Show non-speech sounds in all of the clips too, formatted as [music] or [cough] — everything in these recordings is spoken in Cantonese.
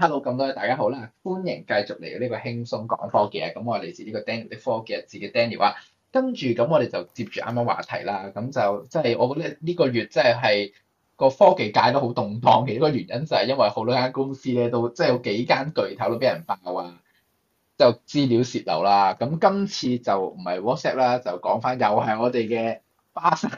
Hello，咁多位大家好啦，歡迎繼續嚟到呢個輕鬆講科技啊。咁我嚟自呢個 Daniel 的科技，自己 Daniel 啊。跟住咁，我哋就接住啱啱話題啦。咁就即係，就是、我覺得呢個月即係係個科技界都好動盪嘅一個原因就係因為好多間公司咧都即係有幾間巨頭都俾人爆啊，就資料洩漏啦。咁今次就唔係 WhatsApp 啦，就講翻又係我哋嘅。花生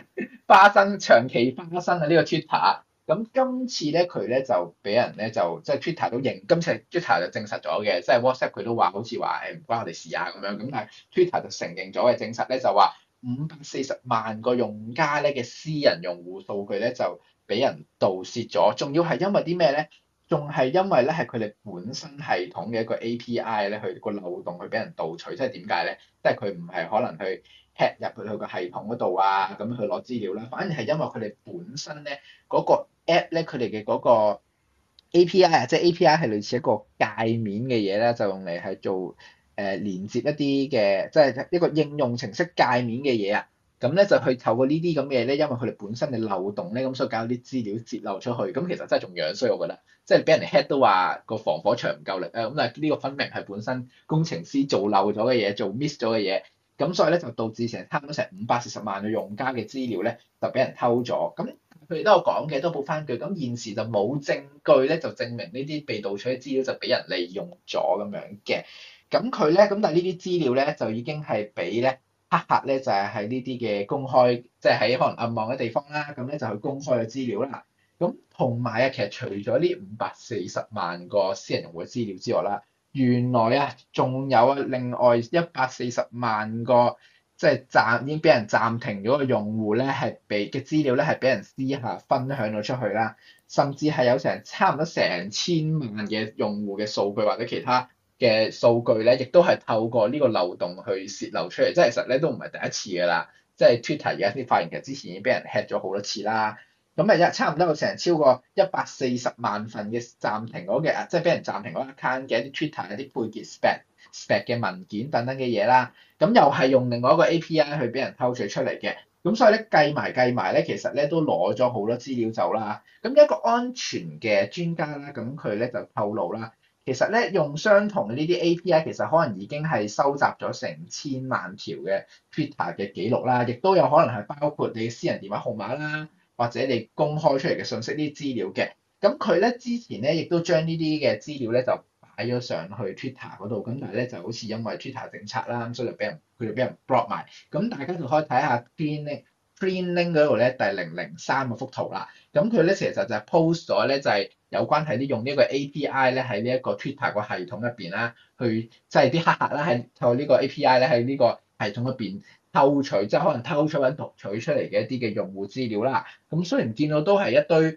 花生長期花生啊！呢、這個 Twitter 咁今次咧佢咧就俾人咧就即係 Twitter 都認，今次 Twitter 就證實咗嘅，即係 WhatsApp 佢都話好似話誒唔關我哋事啊咁樣，咁但係 Twitter 就承認咗嘅證實咧就話五百四十萬個用家咧嘅私人用戶數據咧就俾人盜竊咗，仲要係因為啲咩咧？仲係因為咧係佢哋本身系統嘅一個 API 咧，佢個漏洞去俾人盜取，即係點解咧？即係佢唔係可能去。hack 入去佢個系統嗰度啊，咁去攞資料啦。反而係因為佢哋本身咧嗰、嗰個 app 咧，佢哋嘅嗰個 API 啊，即係 API 係類似一個界面嘅嘢咧，就用嚟係做誒、呃、連接一啲嘅，即係一個應用程式界面嘅嘢啊。咁咧就去透過呢啲咁嘅嘢咧，因為佢哋本身嘅漏洞咧，咁所以搞啲資料截漏出去。咁其實真係仲樣衰，我覺得，即係俾人哋 hack 都話個防火牆唔夠力啊。咁、呃、啊，但係呢個分明係本身工程師做漏咗嘅嘢，做 miss 咗嘅嘢。咁所以咧就導致成差唔多成五百四十萬嘅用家嘅資料咧就俾人偷咗，咁佢哋都有講嘅，都補翻句，咁現時就冇證據咧就證明呢啲被盜取嘅資料就俾人利用咗咁樣嘅，咁佢咧咁但係呢啲資料咧就已經係俾咧黑客咧就係喺呢啲嘅公開，即係喺可能暗網嘅地方啦，咁咧就去公開嘅資料啦，咁同埋啊，其實除咗呢五百四十萬個私人用戶嘅資料之外啦。原來啊，仲有另外一百四十萬個即係暫已經俾人暫停咗嘅用戶咧，係俾嘅資料咧係俾人私下分享咗出去啦。甚至係有成差唔多成千萬嘅用戶嘅數據或者其他嘅數據咧，亦都係透過呢個漏洞去洩漏出嚟。即係其實咧都唔係第一次㗎啦。即係 Twitter 而家先發現嘅，其實之前已經俾人 hack 咗好多次啦。咁誒一差唔多有成超過一百四十萬份嘅暫停嗰嘅啊，即係俾人暫停嗰一 account 嘅一啲 Twitter、一啲背景 spec spec 嘅文件等等嘅嘢啦。咁又係用另外一個 API 去俾人偷取出嚟嘅。咁所以咧計埋計埋咧，其實咧都攞咗好多資料走啦。咁一個安全嘅專家啦，咁佢咧就透露啦，其實咧用相同嘅呢啲 API，其實可能已經係收集咗成千萬條嘅 Twitter 嘅記錄啦，亦都有可能係包括你嘅私人電話號碼啦。或者你公開出嚟嘅信息啲資料嘅，咁佢咧之前咧亦都將呢啲嘅資料咧就擺咗上去 Twitter 嗰度，咁但係咧就好似因為 Twitter 政策啦，所以就俾人佢就俾人 block 埋。咁大家就可以睇下 cleaning cleaning 嗰度咧第零零三嗰幅圖啦。咁佢咧其實就係 post 咗咧就係、是、有關係啲用呢一個 API 咧喺呢一個 Twitter 個系統入邊啦，去即係啲黑客啦透過呢個 API 咧喺、這、呢個。系統入邊偷取，即係可能偷出揾讀取出嚟嘅一啲嘅用戶資料啦。咁雖然見到都係一堆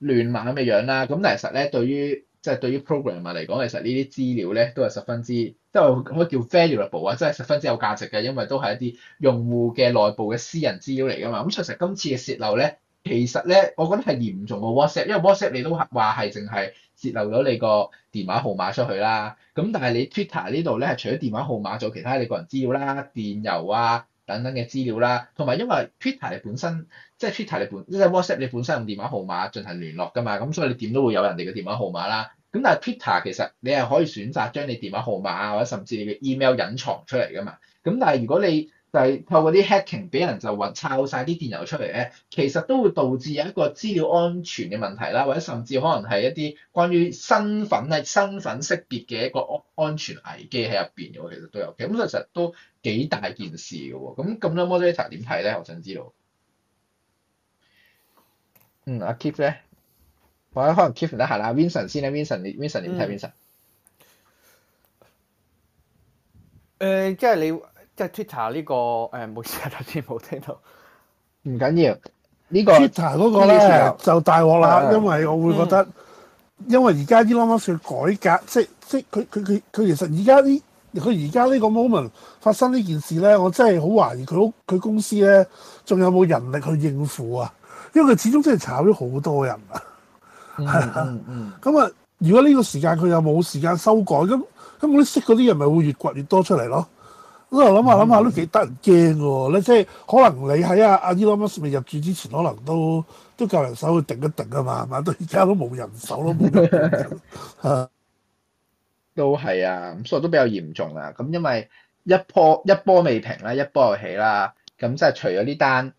亂碼咁嘅樣啦，咁但其實咧對於即係、就是、對於 programmer 嚟講，其實呢啲資料咧都係十分之即係可以叫 valuable 啊，即係十分之有價值嘅，因為都係一啲用戶嘅內部嘅私人資料嚟㗎嘛。咁其實今次嘅洩漏咧，其實咧我覺得係嚴重過 WhatsApp，因為 WhatsApp 你都話係淨係。截漏咗你個電話號碼出去啦，咁但係你 Twitter 呢度咧係除咗電話號碼，仲有其他你個人資料啦、電郵啊等等嘅資料啦，同埋因為 Twitter 你本身即係、就是、Twitter 你本即係、就是、WhatsApp 你本身用電話號碼進行聯絡㗎嘛，咁所以你點都會有人哋嘅電話號碼啦。咁但係 Twitter 其實你係可以選擇將你電話號碼或者甚至你嘅 email 隱藏出嚟㗎嘛。咁但係如果你就係透過啲 hacking 俾人就運抄晒啲電郵出嚟咧，其實都會導致有一個資料安全嘅問題啦，或者甚至可能係一啲關於身份啊、身份識別嘅一個安安全危機喺入邊嘅，其實都有嘅。咁其實都幾大件事嘅喎。咁咁樣，Moderator，點睇咧？我想知道。嗯，阿 Keep 咧，或者可能、I、Keep 唔得閒啦，Vincent 先啦。Vincent，Vincent，Vincent、嗯、你睇 Vincent。誒、呃，即係你。即係 Twitter 呢、這個誒冇事啊，頭、哎、冇聽到，唔緊要。呢個 Twitter 嗰個咧就大鑊啦，嗯、因為我會覺得，嗯、因為而家啲 Elon Musk 嘅改革，即即佢佢佢佢其實而家啲佢而家呢個 moment 發生呢件事咧，我真係好懷疑佢佢公司咧仲有冇人力去應付啊？因為佢始終真係炒咗好多人啊。咁啊，如果呢個時間佢又冇時間修改咁咁，嗰啲識嗰啲人咪會越掘越，越，越，越，越，越，越多出嚟咯。咁我諗下諗下都幾得人驚㗎喎，咧、嗯、即係可能你喺阿阿 Elon Musk 未入住之前，可能都都夠人手去頂一頂啊嘛，係嘛？到而家都冇人手咯，都係 [laughs] 的啊，咁所以都比較嚴重啦、啊。咁因為一波一波未平啦，一波又起啦。咁即係除咗呢單，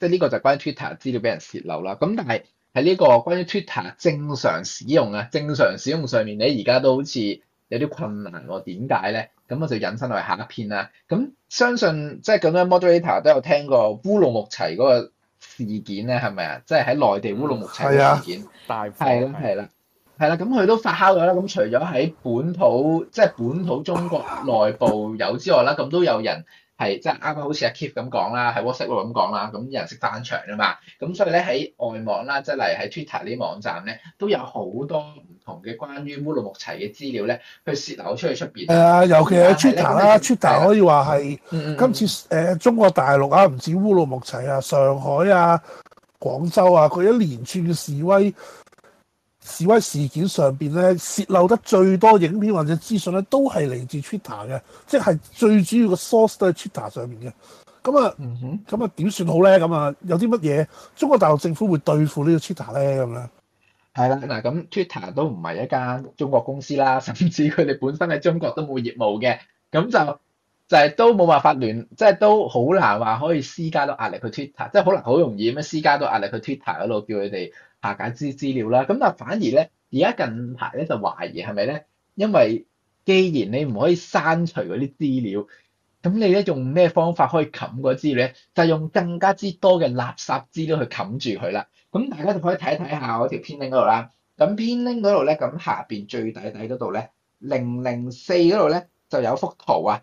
即係呢個就關於 Twitter 資料俾人洩漏啦。咁但係喺呢個關於 Twitter 正常使用啊，正常使用上面你而家都好似～有啲困難喎，點解咧？咁我就引申落去下一篇啦。咁相信即係咁樣 moderator 都有聽過烏魯木齊嗰個事件咧，係咪啊？即係喺內地烏魯木齊事件，大爆係啦，係啦，係啦。咁佢都發酵咗啦。咁除咗喺本土，即係本土中國內部有之外啦，咁都有人。係，即係啱啱好似阿 Keep 咁講啦，喺 WhatsApp 度咁講啦，咁啲人識翻牆啊嘛，咁所以咧喺外網啦，即係例如喺 Twitter 啲網站咧，都有好多唔同嘅關於烏魯木齊嘅資料咧，佢泄漏出去出邊。係、呃、尤其係 Twitter 啦，Twitter 可以話係的、嗯嗯、今次誒、呃、中國大陸啊，唔止烏魯木齊啊，上海啊、廣州啊，佢一連串嘅示威。示威事件上邊咧，洩漏得最多影片或者資訊咧，都係嚟自 Twitter 嘅，即係最主要嘅 source 都喺 Twitter 上面嘅。咁啊，嗯哼。咁啊點算好咧？咁啊，有啲乜嘢中國大陸政府會對付個呢個 Twitter 咧？咁樣，係啦，嗱咁 Twitter 都唔係一間中國公司啦，甚至佢哋本身喺中國都冇業務嘅，咁就就係、是、都冇辦法聯，即、就、係、是、都好難話可以施加到壓力去 Twitter，即係可能好容易咁樣施加到壓力去 Twitter 嗰度叫佢哋。化解啲資料啦，咁但反而咧，而家近排咧就懷疑係咪咧？因為既然你唔可以刪除嗰啲資料，咁你咧，用咩方法可以冚嗰資料咧？就用更加之多嘅垃圾資料去冚住佢啦。咁大家就可以睇一睇下我條編拎嗰度啦。咁編拎嗰度咧，咁下邊最底底嗰度咧，零零四嗰度咧就有幅圖啊。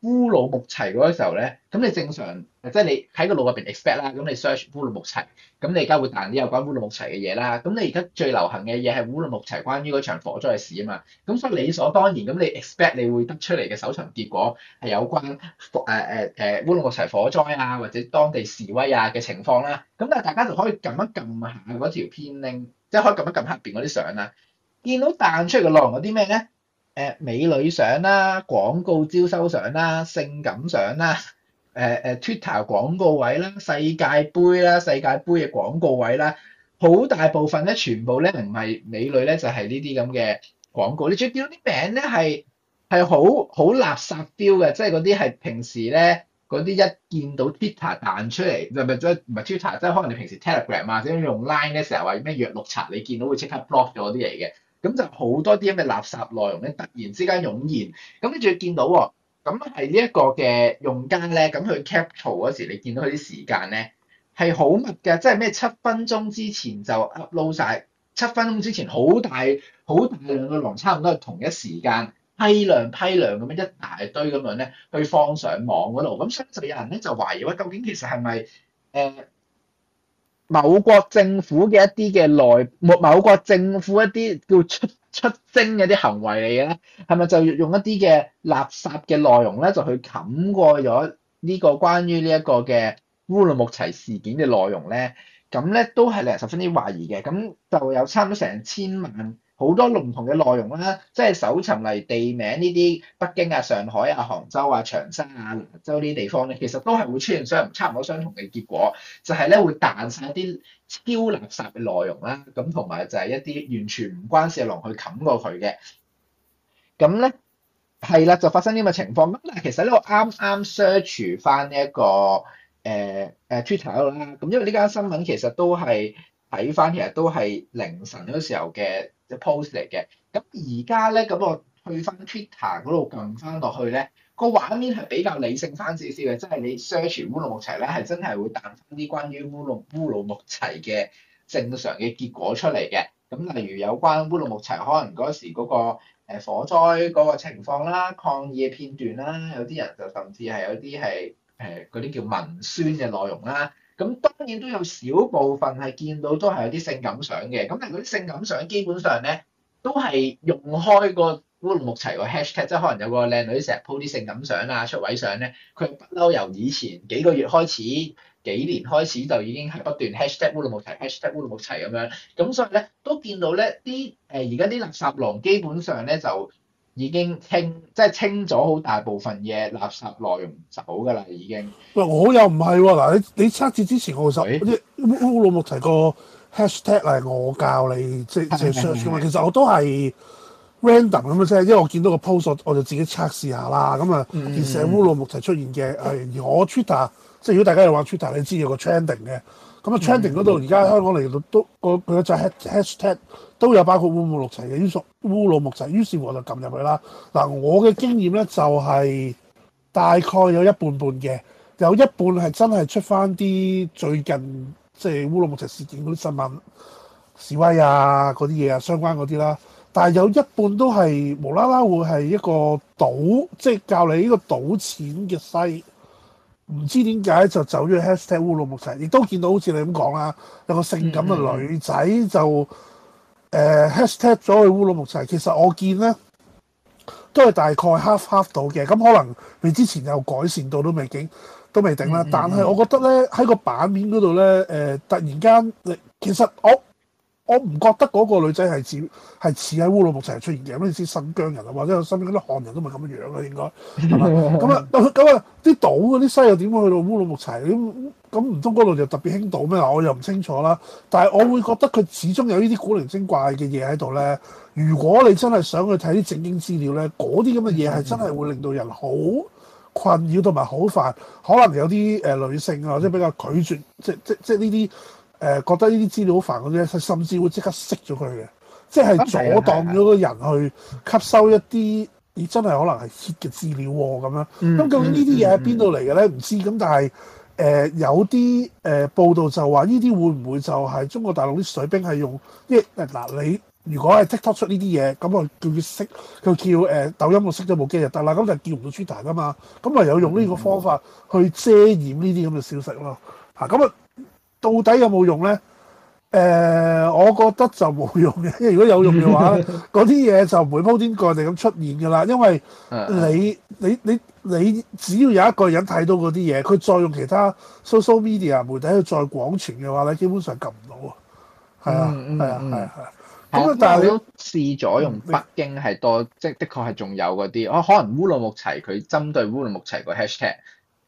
烏魯木齊嗰時候咧，咁你正常，即係你喺個腦入邊 expect 啦，咁你 search 烏魯木齊，咁你而家會彈啲有關烏魯木齊嘅嘢啦。咁你而家最流行嘅嘢係烏魯木齊關於嗰場火災嘅事啊嘛，咁所以理所當然咁你 expect 你會得出嚟嘅搜尋結果係有關誒誒誒烏魯木齊火災啊，或者當地示威啊嘅情況啦、啊。咁但係大家就可以撳一撳下嗰條片 link，即係可以撳一撳下邊嗰啲相啦，見到彈出嚟嘅內容有啲咩咧？誒美女相啦、啊、廣告招收相啦、啊、性感相啦、啊、誒、uh，誒 Twitter 廣告位啦、啊、世界盃啦、啊、世界盃嘅廣告位啦、啊，好大部分咧，全部咧唔係美女咧，就係呢啲咁嘅廣告。你仲見到啲名咧係係好好垃圾 feel 嘅，即係嗰啲係平時咧嗰啲一見到 Twitter 彈出嚟，唔係唔係 Twitter，即係可能你平時 Telegram、啊、或者用 Line 嘅時候話咩弱綠茶，你見到會即刻 block 咗啲嚟嘅。咁就好多啲咁嘅垃圾內容咧，突然之間湧現，咁你仲要見到喎，咁係呢一個嘅用家咧，咁佢 capture 嗰時，你見到佢啲時間咧係好密㗎，即係咩七分鐘之前就 upload 晒，七分鐘之前好大好大量嘅內容，差唔多係同一時間批量批量咁樣一大堆咁樣咧去放上網嗰度，咁所以就有人咧就懷疑喂，究竟其實係咪誒？呃某國政府嘅一啲嘅內，某某國政府一啲叫出出征嘅啲行為嚟嘅咧，係咪就用一啲嘅垃圾嘅內容咧，就去冚過咗呢個關於呢一個嘅烏魯木齊事件嘅內容咧？咁咧都係令人十分之懷疑嘅，咁就有差唔多成千萬。好多唔同嘅內容啦，即係搜尋嚟地名呢啲，北京啊、上海啊、杭州啊、長沙啊、蘭州呢啲地方咧，其實都係會出現相差唔多相同嘅結果，就係咧會彈晒一啲超垃圾嘅內容啦，咁同埋就係一啲完全唔關事嘅龍去冚過佢嘅。咁咧係啦，就發生咁嘅情況。咁但係其實呢個啱啱 search 翻呢一個誒誒 Twitter 嗰度啦，咁因為呢間新聞其實都係睇翻，其實都係凌晨嗰時候嘅。就 post 嚟嘅，咁而家咧咁我去翻 Twitter 嗰度撳翻落去咧，個畫面係比較理性翻少少嘅，即係你 search 烏魯木齊咧，係真係會彈翻啲關於烏魯烏魯木齊嘅正常嘅結果出嚟嘅，咁例如有關烏魯木齊可能嗰時嗰個誒火災嗰個情況啦、抗議嘅片段啦，有啲人就甚至係有啲係誒嗰啲叫文宣嘅內容啦。咁當然都有少部分係見到都係有啲性感相嘅，咁但係嗰啲性感相基本上咧都係用開個烏魯木齊個 hashtag，即係可能有個靚女成日 po 啲性感相啊、出位相咧、啊，佢不嬲由以前幾個月開始、幾年開始就已經係不斷 hashtag 烏魯木齊、hashtag 烏魯木齊咁樣，咁所以咧都見到咧啲誒而家啲垃圾籠基本上咧就。已經清，即係清咗好大部分嘢垃圾內容走㗎啦，已經。喂，我又唔係喎，嗱，你你測試之前我實，烏魯木齊個 hashtag 係我教你即係即係 search 嘅嘛， [laughs] 其實我都係 random 咁嘅啫，因為我見到個 post 我，我就自己測試下啦，咁啊，而且烏魯木齊出現嘅、嗯、而我 Twitter，即係如果大家有玩 Twitter，你知有個 trending 嘅。咁啊 trending 度而家香港嚟到都個佢嘅就 hashtag 都有包括烏魯木齊旗嘅，於屬烏魯木齊，於是我就撳入去啦。嗱，我嘅經驗咧就係、是、大概有一半半嘅，有一半係真係出翻啲最近即係烏魯木齊事件嗰啲新聞示威啊嗰啲嘢啊相關嗰啲啦，但係有一半都係無啦啦會係一個賭，即係教你呢個賭錢嘅西。唔知點解就走咗去 hashtag 烏魯木齊，亦都見到好似你咁講啊，有個性感嘅女仔就誒、嗯嗯呃、hashtag 咗去烏魯木齊。其實我見咧都係大概 half half 到嘅，咁可能未之前有改善到都未定，都未定啦。但係我覺得咧喺個版面嗰度咧，誒、呃、突然間，其實我。哦。我唔覺得嗰個女仔係似係似喺烏魯木齊出現嘅，咁意思新疆人啊，或者我身邊嗰啲漢人都咪咁樣樣啦，應該係嘛？咁啊咁啊，啲島嗰啲西又點會去到烏魯木齊？咁唔通嗰度就特別興島咩？我又唔清楚啦。但係我會覺得佢始終有呢啲古靈精怪嘅嘢喺度咧。如果你真係想去睇啲正經資料咧，嗰啲咁嘅嘢係真係會令到人好困擾同埋好煩。可能有啲誒、呃、女性啊，即係比較拒絕，即即即呢啲。誒、呃、覺得呢啲資料好煩嗰啲咧，甚至會即刻熄咗佢嘅，即係阻擋咗個人去吸收一啲，你、嗯嗯嗯嗯、真係可能係 hit 嘅資料咁、啊、樣。咁、嗯嗯嗯嗯、究竟呢啲嘢喺邊度嚟嘅咧？唔知。咁但係誒、呃、有啲誒、呃、報道就話呢啲會唔會就係中國大陸啲水兵係用，即係嗱，你如果係 TikTok 出呢啲嘢，咁啊叫佢熄，佢叫誒、呃、抖音度熄咗部機就得啦。咁就叫唔到 Twitter 噶嘛。咁啊有用呢個方法去遮掩呢啲咁嘅消息咯。啊咁啊！嗯到底有冇用咧？誒、呃，我覺得就冇用嘅。因為如果有用嘅話，嗰啲嘢就唔會鋪天蓋地咁出現㗎啦。因為你你你你只要有一個人睇到嗰啲嘢，佢再用其他 social media 媒體去再廣傳嘅話咧，基本上撳唔到啊。係啊，係啊，係啊。咁、嗯嗯、但係你都試咗用北京係多，即係、嗯、的確係仲有嗰啲。哦，可能烏魯木齊佢針對烏魯木齊個 hashtag。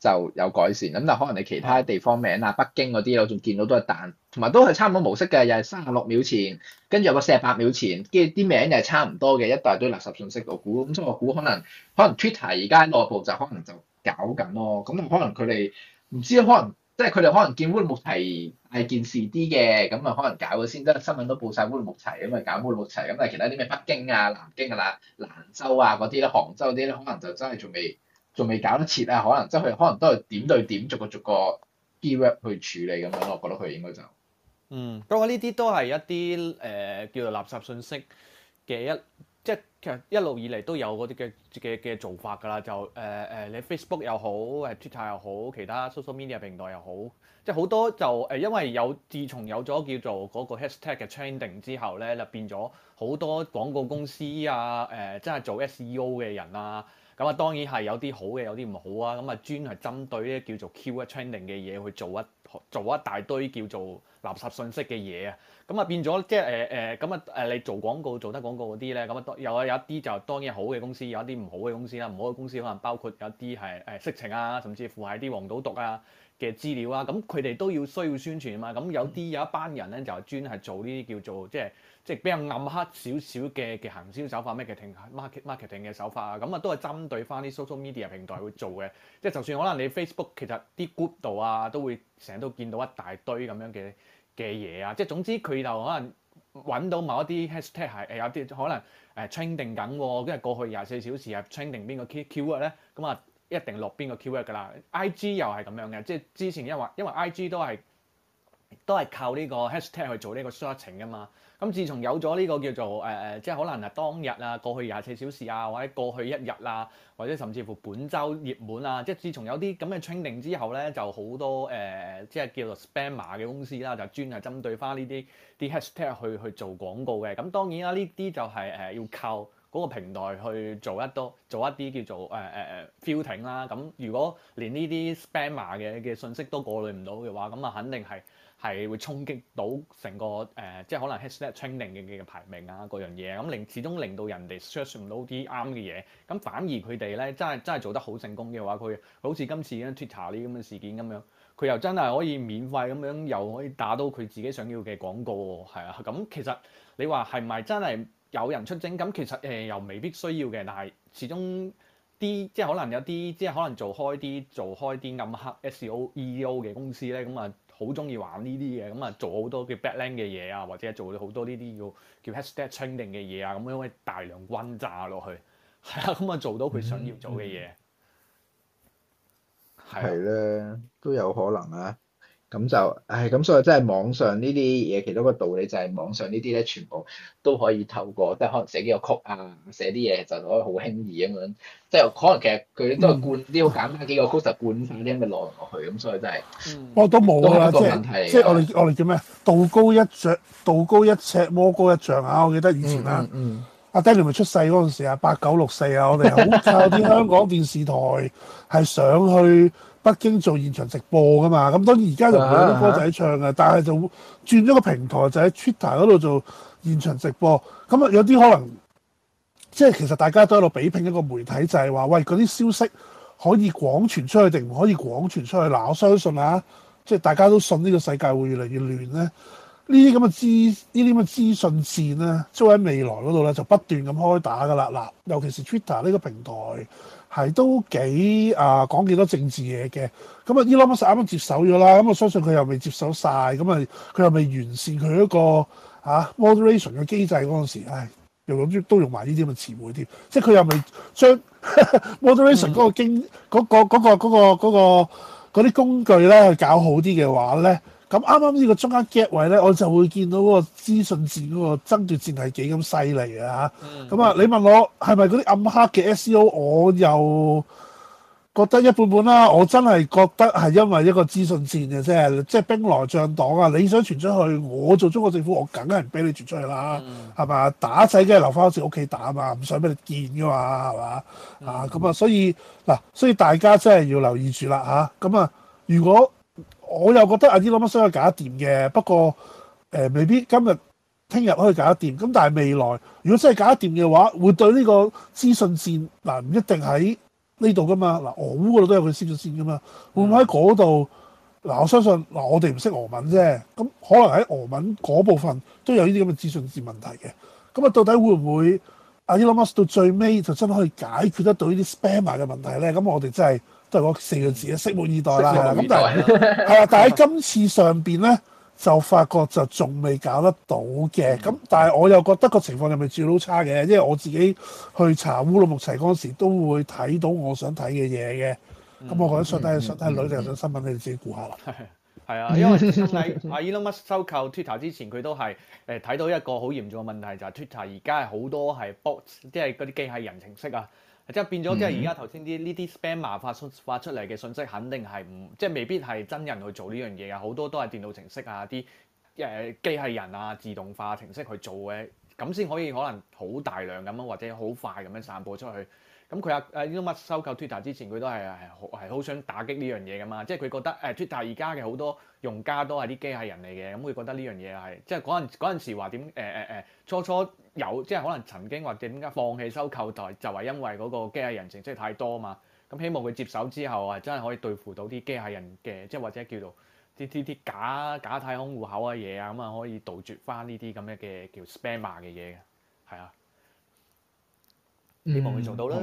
就有改善咁，但可能你其他地方名啊，北京嗰啲我仲見到都係彈，同埋都係差唔多模式嘅，又係卅六秒前，跟住有個四十八秒前，跟住啲名又係差唔多嘅，一大堆垃圾信息我估，咁所以我估可能可能 Twitter 而家內部就可能就搞緊咯，咁可能佢哋唔知，可能即係佢哋可能見烏魯木齊係件事啲嘅，咁啊可能搞咗先，即係新聞都報晒烏木齊，咁啊搞烏木齊，咁但係其他啲咩北京啊、南京啊、蘭州啊嗰啲咧、杭州啲咧，可能就真係仲未。仲未搞得切啊，可能即係佢可能都係點對點逐個逐個 gear up 去處理咁樣咯，我覺得佢應該就嗯，不過呢啲都係一啲誒、呃、叫做垃圾信息嘅一即係其實一路以嚟都有嗰啲嘅嘅嘅做法㗎啦，就誒誒、呃、你 Facebook 又好，係 Twitter 又好，其他 social media 平台又好，即係好多就誒、呃、因為有自從有咗叫做嗰個 hashtag 嘅 trending 之後咧，就變咗好多廣告公司啊，誒真係做 SEO 嘅人啊。咁啊，當然係有啲好嘅，有啲唔好啊。咁啊，專係針對呢叫做 cue trending 嘅嘢去做一做一大堆叫做垃圾信息嘅嘢啊。咁啊，變咗即係誒誒，咁啊誒，呃、你做廣告做得廣告嗰啲咧，咁啊，又係有一啲就當然好嘅公司，有一啲唔好嘅公司啦。唔好嘅公司可能包括有一啲係誒色情啊，甚至乎係啲黃賭毒啊嘅資料啊。咁佢哋都要需要宣傳啊嘛。咁有啲、嗯、有一班人咧就是、專係做呢啲叫做即係。即係比較暗黑少少嘅嘅行銷手法、marketing、market、marketing 嘅手法啊，咁啊都係針對翻啲 social media 平台會做嘅，即係 [laughs] 就算可能你 Facebook 其實啲 group 度啊，都會成日都見到一大堆咁樣嘅嘅嘢啊，即係總之佢就可能揾到某一啲 hashtag 係誒有啲可能誒 trending 緊喎，跟住過去廿四小時啊 trending 邊個 keyword 咧，咁啊一定落邊個 keyword 㗎啦。IG 又係咁樣嘅，即係之前因為因為 IG 都係。都係靠呢個 hashtag 去做呢個 searching 噶嘛。咁自從有咗呢個叫做誒誒、呃，即係可能啊，當日啊，過去廿四小時啊，或者過去一日啊，或者甚至乎本周熱門啊，即係自從有啲咁嘅 trending 之後咧，就好多誒、呃、即係叫做 spammer 嘅公司啦，就專係針對翻呢啲啲 hashtag 去去做廣告嘅。咁當然啦，呢啲就係誒要靠嗰個平台去做一多做一啲叫做誒誒、呃、誒、uh, filtering 啦。咁如果連呢啲 spammer 嘅嘅信息都過濾唔到嘅話，咁啊肯定係。係會衝擊到成個誒、呃，即係可能 hashtag training 嘅嘅排名啊，嗰樣嘢咁，令始終令到人哋 search 唔到啲啱嘅嘢。咁反而佢哋咧，真係真係做得好成功嘅話，佢好似今次嘅 Twitter 呢咁嘅事件咁樣，佢又真係可以免費咁樣，又可以打到佢自己想要嘅廣告，係啊。咁、啊、其實你話係咪真係有人出征？咁其實誒、呃、又未必需要嘅，但係始終啲即係可能有啲即係可能做開啲做開啲暗黑 SEO 嘅、e、公司咧，咁啊～好中意玩呢啲嘢，咁啊做好多嘅 bad land 嘅嘢啊，或者做好多呢啲叫叫 hashtag trending 嘅嘢啊，咁樣可以大量轟炸落去，係啊，咁啊做到佢想要做嘅嘢，係咧都有可能啊。咁就，唉、哎，咁所以真係網上呢啲嘢，其中一個道理就係網上呢啲咧，全部都可以透過，即係可能寫幾個曲啊，寫啲嘢就可以好輕易咁樣。即係可能其實佢都係灌啲好簡單幾個曲就灌曬啲咁嘅內容落去，咁所以真、就、係，我都冇啦個問題，即係即係我哋我哋叫咩？道高一尺，道高一尺，魔高一丈啊！我記得以前啊。嗯嗯。阿 Daniel 咪出世嗰陣時啊，八九六四啊，我哋好靠啲香港電視台係上去北京做現場直播㗎嘛。咁當然而家就唔係好多歌仔唱啊，uh huh. 但係就轉咗個平台就喺、是、Twitter 嗰度做現場直播。咁啊，有啲可能即係、就是、其實大家都喺度比拼一個媒體，就係、是、話喂，嗰啲消息可以廣傳出去定唔可以廣傳出去？嗱，我相信啊，即、就、係、是、大家都信呢個世界會越嚟越亂咧。呢啲咁嘅資呢啲咁嘅資訊線咧，即喺未來嗰度咧，就不斷咁開打㗎啦嗱。尤其是 Twitter 呢個平台，係都幾啊講幾多政治嘢嘅。咁、嗯、啊，Elon Musk 啱啱接手咗啦，咁、嗯、我相信佢又未接手晒。咁啊，佢又未完善佢一個嚇、啊、moderation 嘅機制嗰陣時，唉、哎，用咁多都用埋呢啲咁嘅詞彙添。即係佢又未將 [laughs] moderation 嗰、嗯嗰個經嗰、嗰個嗰啲、嗰個嗰個嗰個、工具咧去搞好啲嘅話咧。咁啱啱呢個中間 gap 位咧，我就會見到嗰個資訊戰嗰個爭奪戰係幾咁犀利嘅嚇。咁啊，mm hmm. 你問我係咪嗰啲暗黑嘅 SEO？我又覺得一半半啦。我真係覺得係因為一個資訊戰嘅啫，即係兵來將擋啊！你想傳出去，我做中國政府，我梗係唔俾你傳出去啦，係嘛？mm hmm. 打仔梗係留翻好似屋企打嘛，唔想俾你見噶嘛，係嘛？Mm hmm. 啊咁啊，所以嗱、啊，所以大家真係要留意住啦嚇。咁啊，如果我又覺得阿啲攞乜嘢都可以搞得掂嘅，不過誒、呃，未必今日、聽日可以搞得掂。咁但係未來，如果真係搞得掂嘅話，會對呢個資訊線嗱，唔、呃、一定喺呢度噶嘛。嗱、呃，俄烏嗰度都有佢資訊線噶嘛，會唔會喺嗰度嗱？我相信嗱、呃，我哋唔識俄文啫，咁、呃、可能喺俄文嗰部分都有呢啲咁嘅資訊線問題嘅。咁、呃、啊，到底會唔會？阿 Elon Musk 到最尾就真係可以解決得到呢啲 spammer 嘅問題咧，咁我哋真係都係嗰四個字啊，拭目以待啦。係啦，咁但係係啊，但係喺今次上邊咧，就發覺就仲未搞得到嘅。咁、嗯、但係我又覺得個情況又咪照都差嘅，因為我自己去查烏魯木齊嗰時都會睇到我想睇嘅嘢嘅。咁、嗯、我講想睇、嗯嗯、想睇女定、嗯、想新聞，嗯、你哋自己估下啦。嗯係啊， [laughs] 因為喺 Elon Musk 收購 Twitter 之前，佢都係誒睇到一個好嚴重嘅問題，就係、是、Twitter 而家係好多係 bot，即係嗰啲機械人程式啊，即係變咗即係而家頭先啲呢啲 spammer 發出發出嚟嘅信息，肯定係唔即係未必係真人去做呢樣嘢啊，好多都係電腦程式啊啲誒機械人啊自動化程式去做嘅，咁先可以可能好大量咁樣或者好快咁樣散播出去。咁佢阿阿伊乜收購 Twitter 之前，佢都係係好想打擊呢樣嘢㗎嘛，即係佢覺得誒 Twitter 而家嘅好多用家都係啲機械人嚟嘅，咁佢覺得呢樣嘢係即係嗰陣嗰陣時話點誒初初有，即係可能曾經或者點解放棄收購台，就就係因為嗰個機械人情即係太多啊嘛，咁希望佢接手之後啊，真係可以對付到啲機械人嘅，即係或者叫做啲啲啲假假太空戶口嘅嘢啊，咁啊可以杜絕翻呢啲咁樣嘅叫 spammer 嘅嘢嘅，係啊。希望佢做到啦，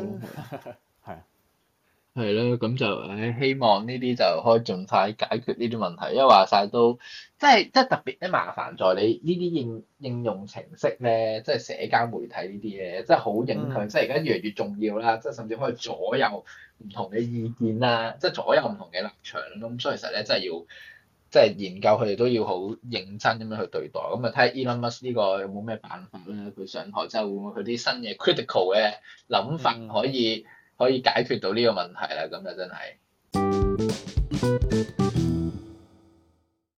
係啊， [laughs] 係啦，咁就唉，希望呢啲就可以盡快解決呢啲問題。因為話晒都即係即係特別咧麻煩在你呢啲應應用程式咧，即係社交媒體呢啲嘢，即係好影響，嗯、即係而家越嚟越重要啦，即係甚至可以左右唔同嘅意見啊，即係左右唔同嘅立場。咁所以其實咧，真係要。即係研究佢哋都要好認真咁樣去對待，咁啊睇下 Elon Musk 呢個有冇咩辦法咧？佢上台之後，會唔會佢啲新嘅 critical 嘅諗法可以、嗯、可以解決到呢個問題啦，咁就真係。